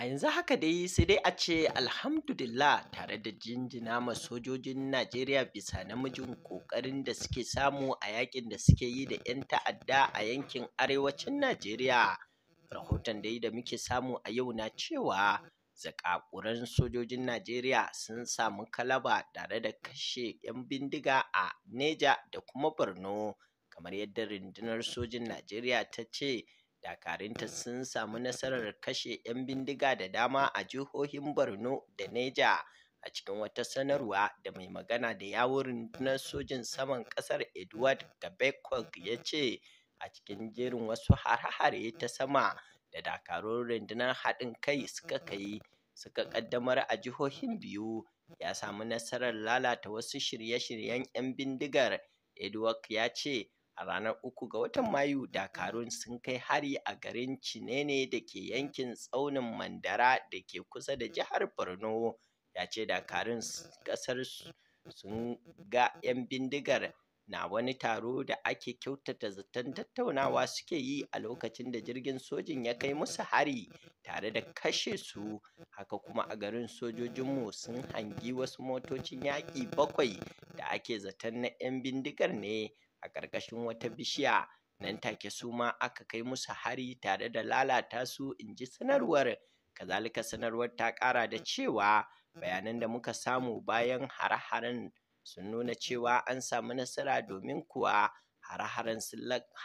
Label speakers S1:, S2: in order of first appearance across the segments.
S1: A yanzu haka dai sai dai a ce alhamdulillah tare da jinjina ma sojojin Najeriya bisa namijin ƙoƙarin da suke samu a yakin da suke yi da 'yan ta'adda a yankin arewacin Najeriya. Rahoton dai da muke samu a yau na cewa zakakuran sojojin Najeriya sun samu kalaba tare da kashe 'yan bindiga a Neja da kuma Borno kamar yadda rundunar sojin Najeriya ta ce. dakarunta sun samu nasarar kashe 'yan bindiga da dama a jihohin borno da neja a cikin wata sanarwa da mai magana da yawun rundunar sojin saman kasar edward gabekog ya ce a cikin jerin wasu hare-hare ta sama da dakarun rundunar haɗin kai suka kai suka ƙaddamar a jihohin biyu ya samu nasarar lalata wasu shirye-shiryen 'yan bindigar edward ya ce a ranar uku ga watan Mayu dakarun sun kai hari a garin Cinene da ke yankin tsaunin Mandara da ke kusa da jihar Borno ya ce dakarun kasar sun ga 'yan bindigar na wani taro da ake kyautata zaton tattaunawa suke yi a lokacin da jirgin sojin ya kai musu hari tare da kashe su haka kuma a garin sojojinmu sun hangi wasu motocin yaƙi bakwai da ake zaton na 'yan bindigar ne a ƙarƙashin wata bishiya nan take su ma aka kai musu hari tare da lalata su in ji sanarwar kazalika sanarwar ta ƙara da cewa bayanan da muka samu bayan hare-haren sun nuna cewa an samu nasara domin kuwa hare-haren sun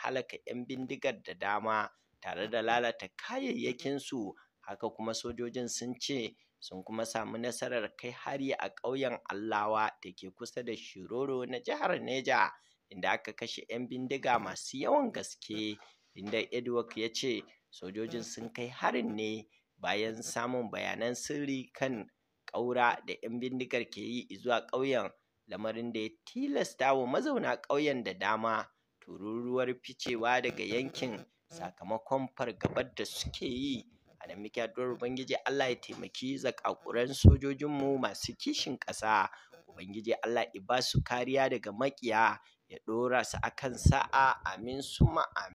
S1: halaka 'yan bindigar da dama tare da lalata kayayyakinsu haka kuma sojojin sun ce sun kuma samu nasarar kai hari a ƙauyen Allawa da ke kusa da Shiroro na jihar Neja inda aka kashe 'yan bindiga masu yawan gaske inda edward ya ce sojojin sun kai harin ne bayan samun bayanan sirri kan ƙaura da 'yan bindigar ke yi zuwa ƙauyen lamarin da ya tilasta wa mazauna ƙauyen da dama tururuwar ficewa daga yankin sakamakon fargabar da suke yi a nan muke addu'ar ubangiji Allah ya taimaki zakakuran sojojinmu masu kishin ƙasa ubangiji Allah i basu kariya daga maƙiya ya ɗora su akan sa'a amin suma amin